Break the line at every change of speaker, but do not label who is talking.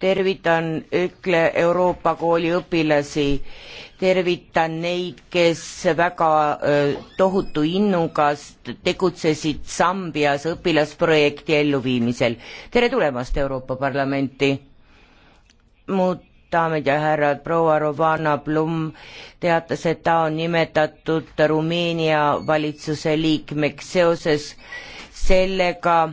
tervitan Ökle Euroopa kooli õpilasi, tervitan neid, kes väga tohutu innuga tegutsesid Sambias õpilasprojekti elluviimisel. tere tulemast Euroopa Parlamenti! mu daamid ja härrad, proua Rovana Blum teatas, et ta on nimetatud Rumeenia valitsuse liikmeks seoses sellega